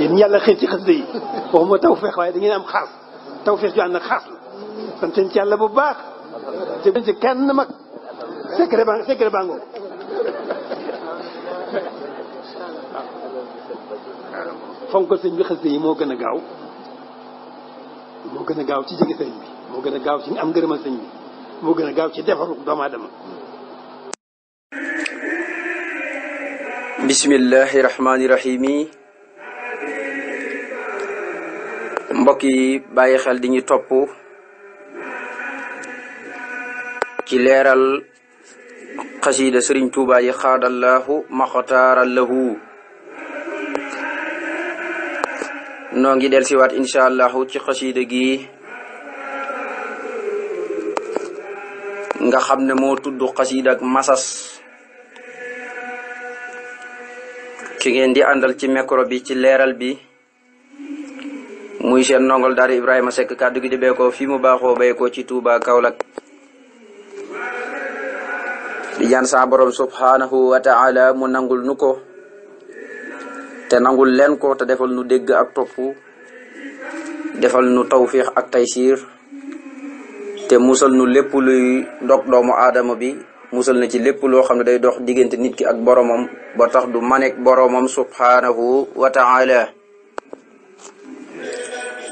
yéen yàlla xëy ci xasida yi waxuma tawfeex waaye da am xaas tawfeex ju ànd ak xaas la ci yàlla bu baax jëgn ci kenn mag baa ngoog fonkal sëñ bi xasida yi moo gën a gaaw moo gën a gaaw ci jege sëñ bi moo gën a gaaw ci am ngërëmal sëñ bi moo gën a gaaw ci defaru doomu aadama bismillahi mbokk yi bàyyi xel di ñu topp ci leeral xasiida sëriñ tuuba yi xaadallaahu maxtaara lahu noo ngi del siwaat incha allahu ci xasiida gi nga xam ne moo tudd xasiida masas ci ngeen di àndal ci micro bi ci leeral bi muy seen ndongol daara Ibrahima Seck kàddu gi di beekoo fii mu baaxoo beekoo ci Touba Kaolack di ñaan sa borom subhanahu wa taala mu nangul nu ko te nangul leen ko te defal nu dégg ak topp defal nu tawfiix ak taysiir te musal nu lépp luy dog doomu aadama bi musal na ci lépp loo xam ne day dox diggante nit ki ak boromam ba tax du manek boromam subhanahu wa taala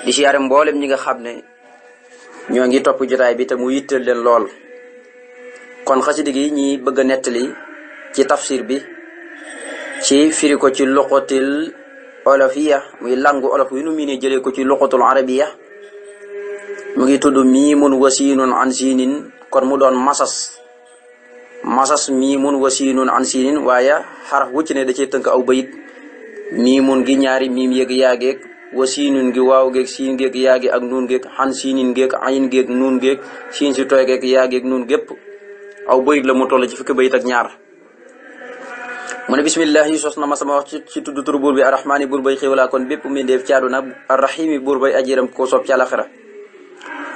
di siyaare mboolem ñi nga xam ne ñoo ngi topp jotaay bi te mu yitteel leen lool kon xasida ñi bëgg a nettali ci tafsir bi ci firi ko ci loqatil olofiya muy langu olof yu nu mii ne jëlee ko ci loqatul arabiya mu ngi tudd miimun wasiinun an siinin kon mu doon masas masas miimun wasiinun an siinin waaye xaraf wu ci ne da cee tënk aw bayit miimun gi ñaari miim yéeg yaageeg wa siinun gi waaw geeg siin geeg yaa gi ak nuun geeg xan siinin geeg ayin geeg nuun geeg siin si tooy geeg yaa geeg nuun gépp aw bayit la mu toll ci fukki bayit ak ñaar mu ne bismillah yi na ma sama wax ci ci tudd tur buur bi arrahmaani buur bay xéwalaa kon bépp mi ndeef caadu na arrahimi buur bay ajiram ko soob ci àlaxira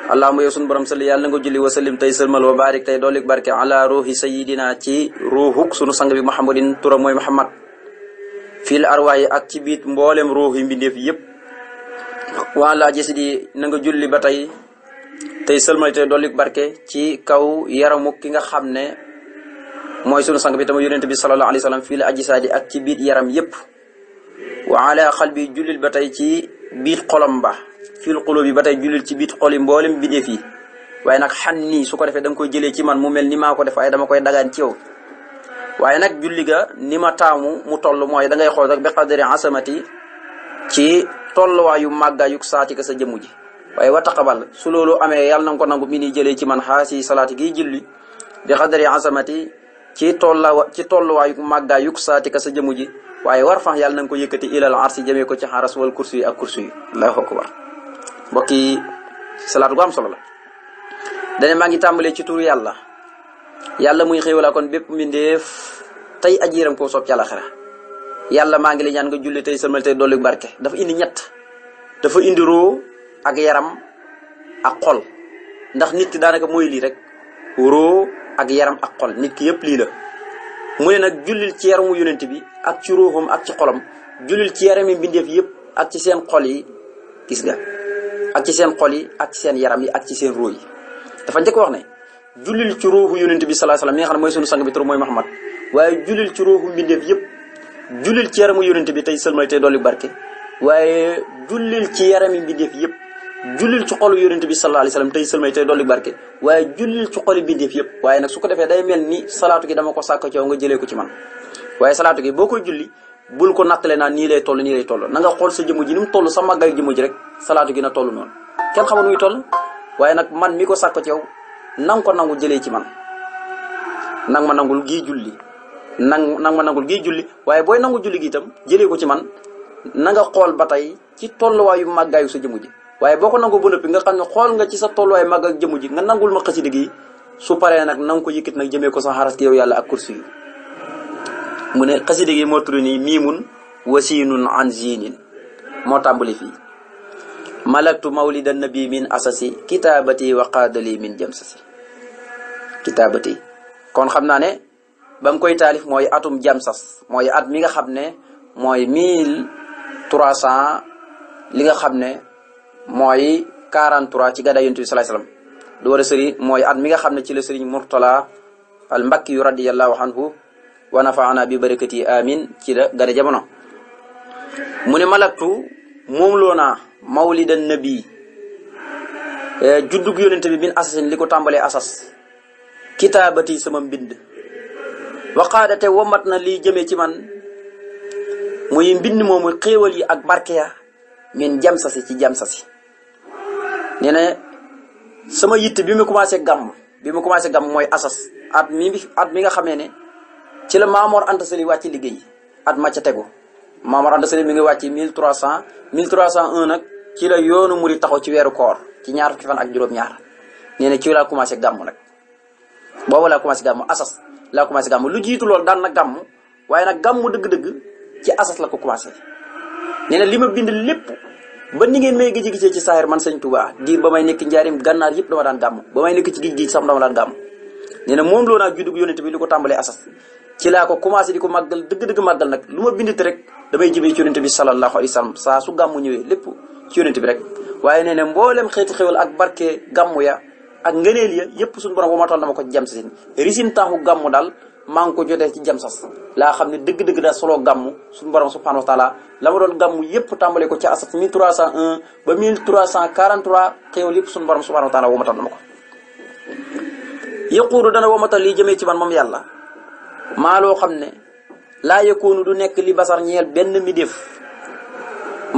allahuma yow sun borom sali yàlla na nga julli wa sallim tey sëlmal wa barik tey doolik barke ala ruuhi sayidina ci ruuhuk sunu sang bi muhammadin turam mooy muhammad fil arwaayi ak ci biit mboolem ruuhi mbindeef yépp waa laa jës di na nga julli ba tey tey sëlmal tey dolli barke ci kaw mu ki nga xam ne mooy sunu sang bi tama yonent bi sallallahu alayhi wa sallam fii la aji saadi ak ci biir yaram yépp wa ala xalbi jullil ba tey ci biir xolam ba fil qulubi ba tey jullil ci biir xoli mboolem bindéef yi waaye nag xan nii su ko defee da koy jëlee ci man mu mel ni maa ko def ay dama koy dagaan ci yow waaye nag julli ga ni ma taamu mu toll mooy da ngay xool rek bi qadri ci tolluwaayu màggaayug saati ka sa jëmm ji waaye wa taqabal su loolu amee yàlla na ko nangu mi ni jëlee ci man xaasi salaati gi julli di xadari asamati ci tolla ci tolluwaayu màggaayug saati ka sa jëmm ji waaye war fax yàlla na ko yëkkati ilal arsi jëmee ko ci xaras wal kursi yi ak kursi yi allahu akbar mbokk yi salaatu gu am solo la dane maa ngi tàmbalee ci turu yàlla yàlla muy xéewalaa kon bépp mbindeef tey ajiiram koo soob ci yàlla maa ngi lay ñaan nga julli tey sëlmal tey dolli barke dafa indi ñett dafa indi roo ak yaram ak xol ndax nit ki daanaka moy lii rek roo ak yaram ak xol nit ki yëpp lii la mu ne nag jullil ci yaramu yonent bi ak ci ak ci xolam jullil ci yarami mbindeef yëpp ak ci seen xol yi gis nga ak ci seen xol yi ak ci seen yaram yi ak ci seen yi dafa njëkk wax ne jullil ci ruuxu yonent bi sallallahu alayhi wasallam mi nga xam ne mooy sunu sang bi tur mooy Muhammad waaye jullil ci ruuxu mbindeef yëpp jullil ci yaramu yonent bi tey sëlmal tey dolli barke waaye jullil ci yarami mbindeef yëpp jullil ci xolu yonent bi sallallahu alayhi wasallam tey sëlmal tey dolli barke waaye jullil ci xoli mbindeef yëpp waaye nag su ko defee day mel ni salaatu gi dama ko sàkk ci yow nga jëlee ko ci man waaye salaatu gi boo koy julli bul ko nattale naa nii lay toll nii lay toll na nga xool sa jëmm ji ni mu toll sa màggaay jëmm ji rek salaatu gi na toll noonu kenn xamul muy waaye nag man mi ko sàkk ci yow nang ko nangu jëlee ci man nang ma nangul gii julli nang nangu ma nangul gi julli waaye booy nangu julli gi itam jëlee ko ci man nanga xool ba tey ci tolluwaayu màggaayu sa jëmm ji waaye boo ko nangu ba noppi nga xam ne xool nga ci sa tolluwaay màgg ak jëmu ji nga nangul ma xasida gi su paree nag na nga ko yëkkit nag jëmee ko sa xaras ki yow yàlla ak kursi yi mu ne xasida gi moo tudd nii miimun wasiinun an ziinin moo tàmbali fii malaktu mawlida nabi min asasi kitaabati wa qaadali min jamsasi kitaabati kon xam naa ba mu koy taalif mooy atum sas mooy at mi nga xam ne mooy mille trois li nga xam ne mooy quarante ci gàddaay yonent bi salaay salaam lu war sëriñ mooy at mi nga xam ne ci la sëriñ Murtala al mbakki yu radiyallahu anhu wa nafa bi barakati amin ci la gane jamono mu ne malaktu moom loo naa mawlida nabi eh, juddug yonent bi bin asasin li ko tàmbalee asas kitaabati sama mbind waxaadate mat na lii jëmee ci man muy mbind moomu xéewal yi ak barke ya min jam sasi ci jam sasi nee na sama yitte bi mu commencé gàmm bi mu commencé gàmm mooy asas at mi at nga xamee ne ci la Maamoor Anta Sali wàcc liggéey at ma ca tegu Maamoor Anta Sali mi ngi wàcc mille trois cent mille trois cent un nag ci la yoonu muri taxaw ci weeru koor ci ñaar fukki fan ak juróom-ñaar nee na ci laa commencé gàmm nag boobu laa commencé gàmm asas laa commencé gàmm lu jiitu loolu daan na gàmm waaye nag gàmmu dëgg-dëgg ci asas la ko commencé nee na li ma bind lépp ba ni ngeen may gëj gisee ci saaxir man sëñ Touba diir ba may nekk njaarim gànnaar yëpp dama daan gàmm ba may nekk ci gij-gij sax dama daan gàmm nee na moom loo naa juddug yónente bi li ko tàmbalee asas ci laa ko commencé di ko màggal dëgg-dëgg màggal nag lu ma bindit rek damay jëmee ci yónente bi sallallahu alayhi wa sallam saa su gàmm ñëwee lépp ci yónente bi rek waaye nee na mboolem xeeti xewal ak barke gàmmu ya ak ngëneel ya yëpp suñu borom wamatoon dama ko ci jamsas in risin taaxu gàmmu daal maa ngi ko jotee ci jamsas laa xam ne dëgg-dëgg daal solo gàmmu suñu borom subhanahu wa taala la ma doon gàmmu yëpp tàmbalee ko ci asat 1301 ba 1343 xéewal yëpp suñu borom subhanahu wa taala wamatoon dama ko yëquudu dana ma lii jëmee ci man moom yàlla maa loo xam ne laa yëkkoonu du nekk li basar ñeel benn mi def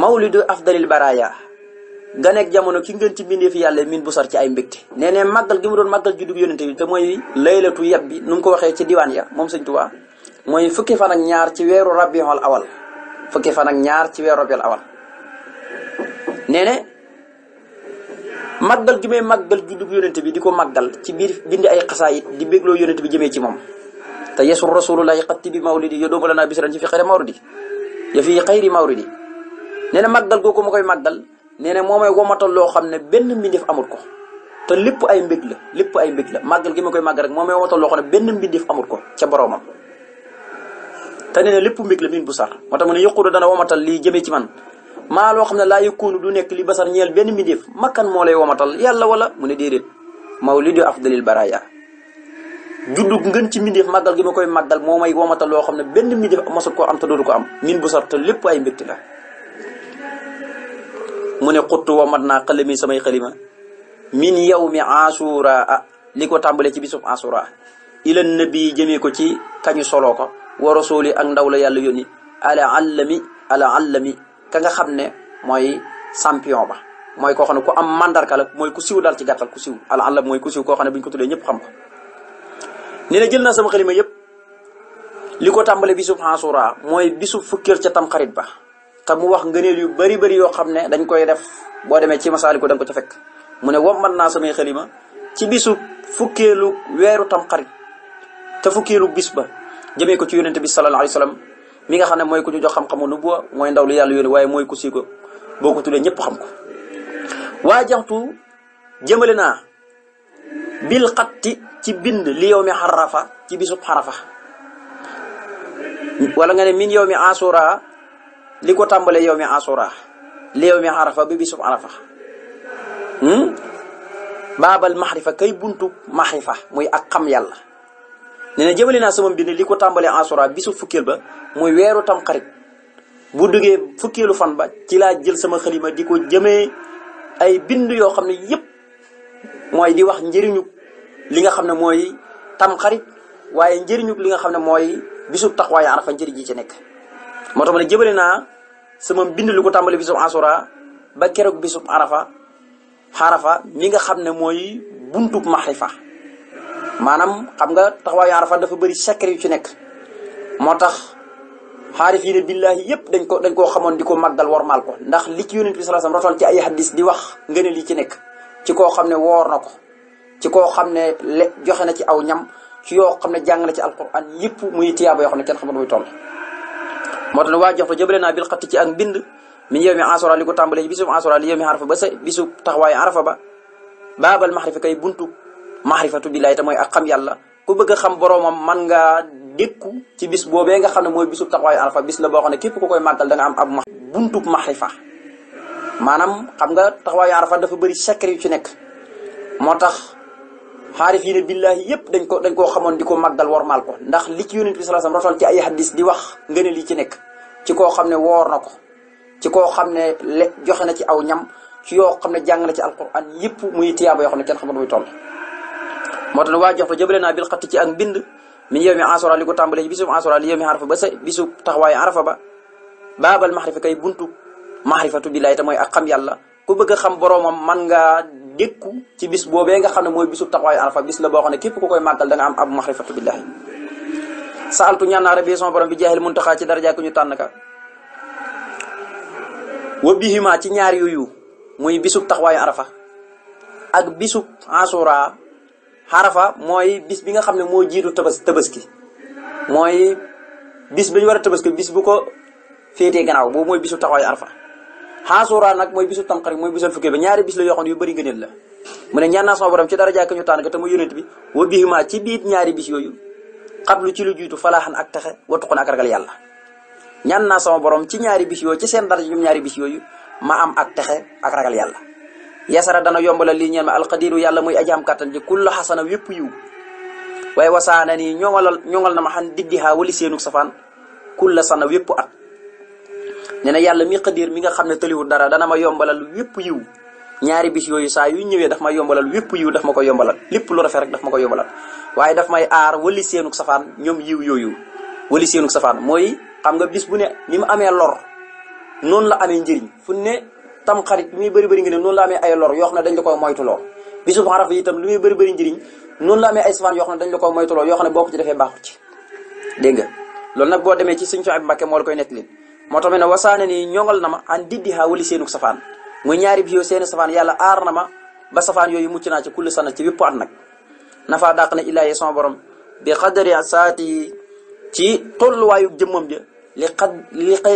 mawlidu afdalil baraya nga nekk jamono ki ngeen ci mbindee fi yàlla min bu sar ci ay mbégte nee ne màggal gi mu doon màggal juddug yonente bi te mooy laylatu yab bi nu mu ko waxee ci diwaan ya moom sëñ Tuubaa mooy fukki fan ñaar ci weeru rabiul awal fukki fan ak ñaar ci weeru rabiul awal nee ne màggal gi may màggal juddug bi di ko màggal ci biir bind ay xasaayit di bégloo yonente bi jëmee ci moom te yesu rasulullahi xatti bi mawlidi yo doomu la naa bisiran ci fi xayri mawridi ya fi xayri mawridi nee na màggal googu ma koy màggal nee na moo may womatal loo xam ne benn mbindeef amut ko te lépp ay mbég la lépp ay mbég la màggal gi ma koy màggal rek moo may loo xam benn mbindeef amut ko ca boroomam te nee lépp mbég la min bu sar moo tax mu ne yëqulu dana womatal lii jëmee ci man maa loo xam ne laa yëkkoonu du nekk li basar ñeel benn mbindeef makkan moo lay womatal yàlla wala mu ne déedéet mawlidu afdalil baraya juddu ngën ci mbindeef màggal gi ma koy màggal moo may womatal loo xam ne benn mbindeef mosut ko am te dootu ko am min bu sar te lépp ay mbégte la mu ne xuttu wa mat naa xalami samay xalima min yawmi asura ah, li ko tàmbalee ci bisub asura ila nabi jëmee ko ci kañu solo ko wa rasuli ak ndaw la yàlla yónni ala allami ala allami ka nga xam ne mooy champion ba mooy ko xam ne ku am mandarka la mooy ku siw daal ci gàttal ku siw ala allam mooy ku siw koo xam ne bu ñu ko tuddee ñëpp xam ko nee na jël naa sama xalima yëpp li ko tàmbalee bisub asura mooy bisub fukkeel ca tamxarit ba te mu wax ngëneel yu bari bari yoo xam ne dañ koy def boo demee ci masaaliku ko nga ko ca fekk mu ne wamman naa samay xalima ci bisu fukkeelu weeru tamxarit te fukkeelu bis ba jëmee ko ci yonent bi sallallahu alayhi wa sallam mi nga xam ne mooy ku ñu jox xam-xamu nubuwa mooy ndaw li yàlla yónni waaye mooy ku si ko boo ko tuddee ñëpp xam ko waa jaxtu jëmale naa bil xatti ci bind li yow mi xarafa ci bisu xarafa wala nga ne min yow mi asura li ko tàmbalee yow mi asura li yow mi arafa bi bisub arafa hmm? baabal maxrifa kay buntu maxrifa muy ak xam yàlla nee na jëmale naa sama mbind li ko tàmbalee asura bisu fukkeel ba muy weeru tam xarit bu duggee fukkeelu fan ba ci laa jël sama xalima di ko jëmee ay bind yoo xam ne yëpp mooy di wax njëriñu li nga xam ne mooy tam xarit waaye njëriñu li nga xam ne mooy bisub taxawaayu arafa njëriñ yi ci nekk. moo tax ma ne jëbale naa sama mbind lu tàmbali bisub asura ba keroog bisub arafa xarafa mi nga xam ne mooy buntub maxrifa maanaam xam nga taxawaayu arafa dafa bëri secret yu ci nekk moo tax xaarifiina billaahi yëpp dañ ko dañ koo xamoon di ko màggal wormaal ko ndax li ci yonent bi ci ay hadis di wax ngeen li ci nekk ci koo ne woor na ko ci koo xam ne le joxe na ci aw ñam ci yoo xam ne jàng na ci alquran yëpp muy tiyaaba yoo xam ne kenn xamul muy toll moo tax waa joxtu jëbale naa bil xatti ak mbind min yow ko tàmbalee ci bisub ansora li yow mi ba sa bisu taxawaayu arafa ba baabal maxrifa kay buntu maxrifatu billaay te mooy ak yàlla ku bëgg a xam boroomam man ngaa dékku ci bis boobee nga xam ne mooy bisub taxawaayu arafa bis la boo xam ne képp ku koy màggal da nga am ab ma buntub maxrifa maanaam xam nga taxawaayu arafa dafa bëri secret yu ci nekk moo tax xaarifiina billaahi yëpp dañ ko dañ koo xamoon di ko màggal ko ndax li ci yonent bi sallallahu ci ay hadis di wax ngeen li nekk ci koo xam ne woor na ci koo xam ne le joxe na ci aw ñam ci yoo xam ne jàng na ci alquran yëpp muy tiyaaba yoo xam ne kenn xamul muy toll moo tax waa jox fa jëbale naa bil xatti ci ak mbind min yow mi ansora li ko tàmbalee ci bisub ansora li yow mi arafa ba sa bisub taxawaayu arafa ba baabal maxrifa kay buntu maxrifatu billaahi te mooy ak xam yàlla ku bëgg a xam boroomam man ngaa dékku ci bis boobee nga xam ne mooy bisu taxawaayu arafa bis la boo xam ne képp ku koy màggal da nga am ab maxrifatu billahi saaltu ñaan naa rabbi sama borom bi jaahil muntaxaa ci daraja ku ñu tànn ka wa bihima ci ñaar yooyu muy bisub taxawaayu arafa ak bisub asura arafa mooy bis bi nga xam ne moo jiitu tabas ki mooy bis bi ñu war a tabaski bis bu ko féetee gannaaw boobu mooy bisu taxawaayu arafa xaasuraa nag mooy bisu tamxarit mooy bisul fukki ba ñaari bis la yoo xam ne yu bëri ngëneel la mu ne ñaan naa sama borom ci dara jàkk ñu tànn ko te mooy yónent bi wa bihima ci biit ñaari bis yooyu xablu ci lu jiitu falaaxan ak texe watuqun ak ragal yàlla ñaan naa sama borom ci ñaari bis yooyu ci seen dara ñoom ñaari bis yooyu ma am ak texe ak ragal yàlla yasara dana yombalal lii ñeen ma alqadiru yàlla muy ajaam kàttan ji kullu na ma xam diddihaa kulla sana yépp at ne yàlla mi xadir mi nga xam ne tëliwul dara dana ma yombalal wépp yiw ñaari bis yooyu saa yu ñëwee daf ma yombalal wépp yiw daf ma ko yombalal lépp lu rafet rek daf ma ko yombalal waaye daf may aar wali seenu safaan ñoom yiw yooyu wali seenuk safaan mooy xam nga bis bu ne ni mu amee lor noonu la amee njëriñ fu ne tam xarit li muy bëri bëri nga ne noonu la amee ay yoo ne dañ la koy moytuloo bisu Arafa itam bëri bëri njëriñ noonu la amee ay safaan yoo xam ne dañ la koy moytuloo yoo xam ne boo ko ci defee baaxu ci loolu nag boo demee ci Sëñ Suhaybu Mbàkke moo la koy moo tax mu ne wasaane ni ñongal na ma an diddi xaa wali seenug safaan muy ñaari bi yow yàlla aar na ma ba safaan yooyu mucc naa ci kulli sana ci bépp at dàq na ilaahi sama borom bi xadari saati tolluwaayu jëmmam ja li xad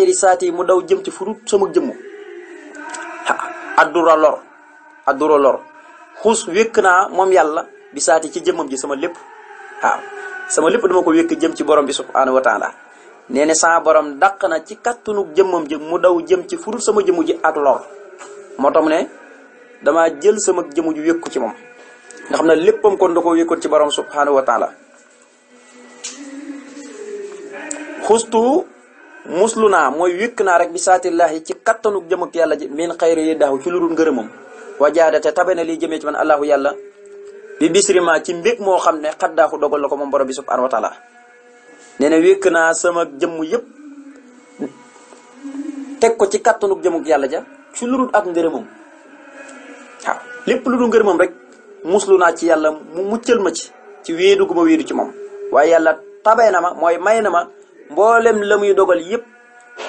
li saati mu daw jëm ci furut sama jëmmu addura lor addura lor xus wékk naa moom yàlla bi saati ci jëmmam ji sama lépp waaw sama lépp dama ko wékk jëm ci borom bi subhaanahu wa taala nee na saa borom dàq na ci kattanu jëmmam ji mu daw jëm ci furut sama jëmu ji ak lor moo tax mu ne damaa jël sama jëmu ju wékk ci moom nga xam ne léppam kon da ko wékkoon ci borom subhaanahu wa taala xustu muslu naa mooy wékk naa rek bi saatillahi ci kattanu jëmak yàlla ji min xayri yi daaw ci lu dul ngërëmam wajaadate tabe na lii jëmee ci man allahu yàlla bi bisri ma ci mbég moo xam ne xaddaaxu dogal la ko moom borom bi subhaanahu wa nee na wékk naa sama jëmm yépp teg ko ci kàttanu jëmug yàlla ja ci lu dul ak ngërëmam waaw lépp lu dul ngërëmam rek muslu naa ci yàlla mu muccal ma ci ci wéedu gu ma wéedu ci moom waaye yàlla tabay na ma mooy may na ma mboolem la muy dogal yépp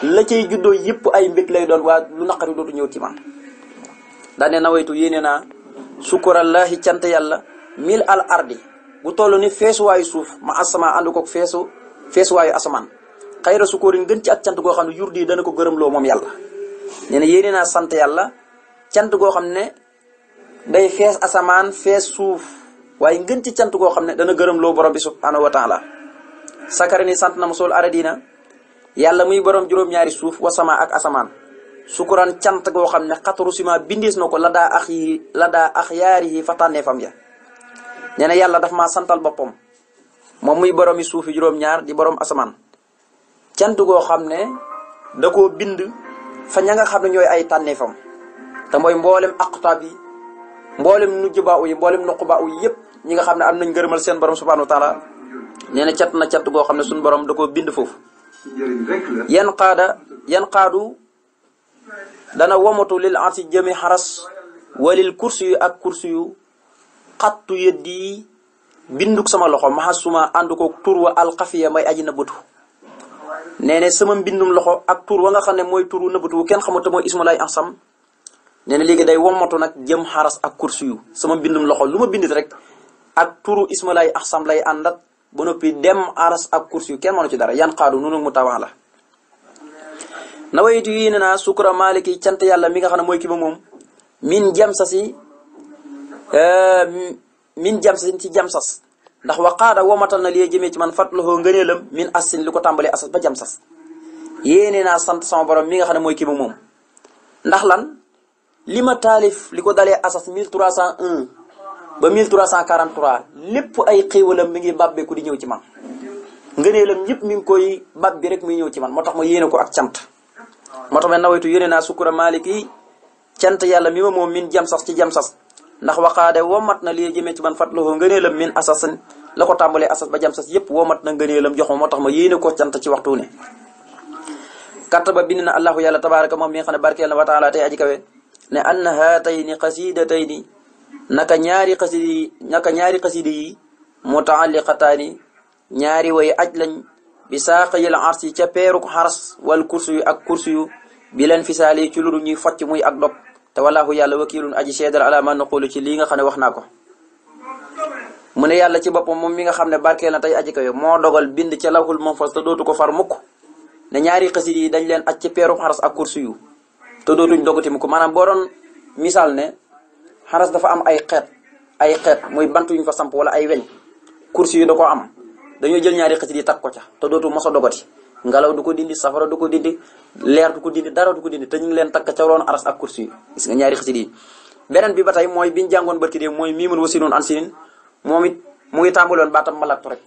la ciy juddoo yépp ay mbég lay doon waa lu naqari dootu ñëw ci man na wetu yéene naa sukurallahi cant yàlla mil al ardi bu toll ni feesuwaayu suuf ma asama ànd koog feesu feesuwaayu asamaan xayra sukoorin gën ci ak cant goo xam ne yur dana ko gërëmloo moom yàlla na yéene sant yàlla cant goo xam ne day fees asamaan fees suuf waaye ngën ci cant goo xam ne dana gërëmloo borom bi subhaanahu wa la sakari ni sant na mosul aradina yàlla muy borom juróom-ñaari suuf wasama ak asamaan sukuran cant goo xam ne xataru sima bindees na ko la daa ax yi la daa ax yaari yi fa fam ya nee yàlla daf maa santal boppam moom muy borom yi suufi juróom-ñaar di borom asamaan cant goo xam ne da koo bind fa ña nga xam ne ñooy ay tànneefam te mooy mboolem aqtaab yi mboolem nujjubaaw yi mboolem nuqubaaw yi yëpp ñi nga xam ne am nañ gërëmal seen borom subhaanahu wa taala nee na cat na cat goo xam ne suñu borom da koo bind foofu. yan xaada yan xaadu dana wamatu lil ansi jëmi xaras walil kursi yu ak kursi yu xattu yëddi binduk sama loxo maxasuma ànd ko tur wa alxafiya may aji nëbbatu nee ne sama mbindum loxo ak tur wa nga xam ne mooy turu nëbbatu kenn xamut mooy ismulaay ansam nee na léegi day wommatu nag jëm xaras ak kursi yu sama mbindum loxo lu ma bindit rek ak turu ismulaay ansam lay àndat ba noppi dem xaras ak kursi yu kenn ma ci dara yan xaadu nunu mu tawaax la nawaytu yi ne naa mi nga xam ne mooy ki ba moom min jamsasi euh, min jamsasin ci jamsas ndax waqaada womatal na liy jëmee ci man fat fatluhoo ngëneelam min assin li ko tàmbalee asas ba jam sas yéene naa sant sama borom mi nga xam ne mooy kii moom ndax lan li ma taalif li ko dalee asas 1301 ba 1343 lépp ay xéewalam mi ngi bàbbeeku di ñëw ci man ngëneelam ñëpp mi ngi koy bab bi rek muy ñëw ci man moo tax ma yéene ko ak cant moo tax ma nawaytu yéene naa sukkura maalik yi cant yàlla mi ma moom min jam sas ci jam sas ndax woo womat na li jëmee ci man fatluhoo ngëneelam min asasin la ko tàmbalee asas ba jam sas yépp woomat na ngëneelam jox ma moo tax ma yéene ko cant ci waxtu ne katta ba bind na allahu yàlla tabaraka moom mi nga xam ne barkeel na wa taala tey aji kawe ne anna haatayni xasidatayni naka ñaari xasida yi naka ñaari xasida yi mutaalliqataani ñaari way aj lañ bi saaqayil arsi ca peeruk xaras wal kursu yu ak kursu yu bi leen fisaali ci luru ñuy focc muy ak dog te walaahu yàlla wakiilun aji seedal ala ma naqulu ci lii nga xam ne wax naa ko mu yàlla ci boppam moom mi nga xam ne barkeel na tey aji kawe moo dogal bind ca lawhul mahfuz te dootu ko far mukk ne ñaari xasida yi dañ leen aj ci peeru xaras ak kursi yu te dootuñ dogati mu ko maanaam boo doon misaal ne xaras dafa am ay xeet ay xeet mooy bant yuñ fa samp wala ay weñ kursi yu da ko am dañoo jël ñaari xasida yi takk ko ca te dootu mos a dogati ngelaw du ko dindi safara du ko dindi leer du ko dindi dara du ko dindi te ñu leen takk ca roon aras ak kursi yu ñaari xasida yi beneen bi ba tey mooy bi jàngoon barki dee mooy mii mun wasinun an sinin moom it mu ngi tàmbaloon baatam malaktu rek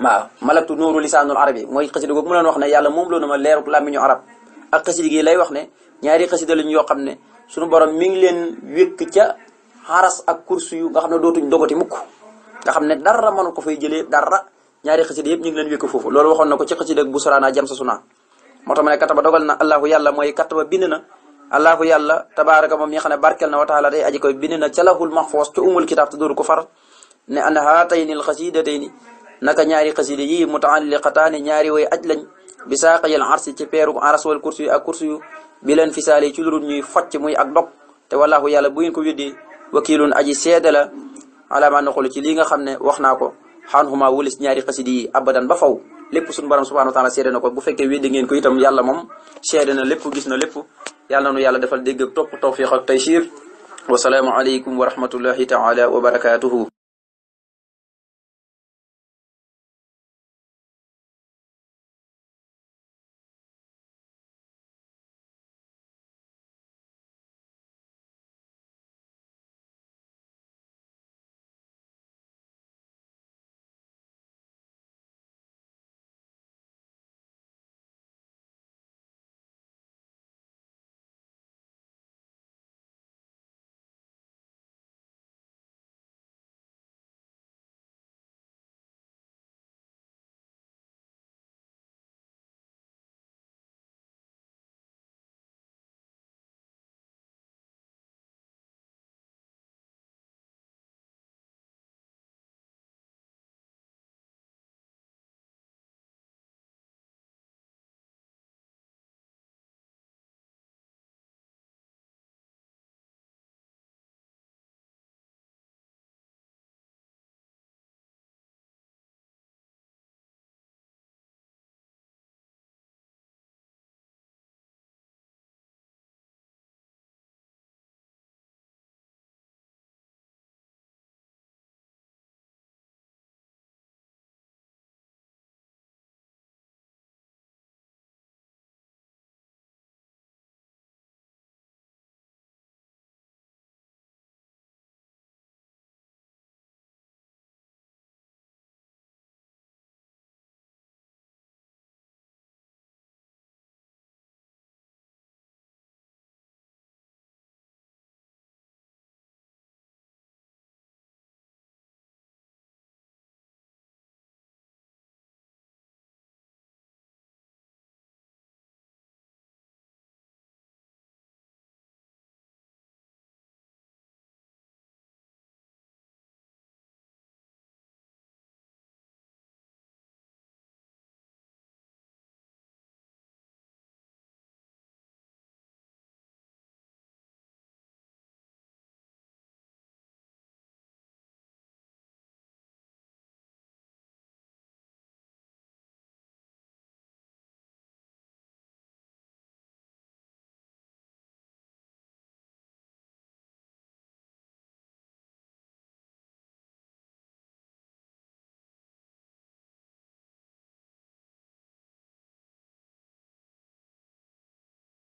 waaw malaktu nuuru lisaanul arabi mooy xasida googu mu leen wax ne yàlla moom loo na ma leeruk làmmiñu arab ak xasida gi lay wax ne ñaari xasida lañ yoo xam ne suñu borom mi ngi leen wékk ca xaras ak kursu yu nga xam ne dootuñ dogoti mukk nga xam ne dara mënu ko fay jëlee dara ñaari xasida yëpp ñu leen wékk foofu loolu waxoon na ko ci xasida bu suraana jam moo tax ne kataba dogal na allahu yàlla mooy kataba bind na allahu yàlla tabaaraka moom mi nga xam ne barkel na wa taala day aji koy bind ko far ne an haatayni alxasidatayni naka ñaari xasida yi mutaalliqataani ñaari way aj lañ bi saaqayal arsi ci peeru aras wal kursi ak kursi yu bi leen fisaale ci lu dul ñuy focc muy ak dog te wallaahu yàlla bu ngeen ko weddi wakiilun aji seede la alaamaa naqulu ci lii nga xam ne wax naa ko xaan xuma wulis ñaari xasida yi abadan ba faw lépp suñu borom subhanahu wa taala seede na ko bu fekkee weddi ngeen ko itam yàlla moom seede na lépp gis na lépp yàlla na yàlla defal dégg topp tawfiq ak taysiir wa salaamu aleykum wa rahmatullahi taala wa barakaatuhu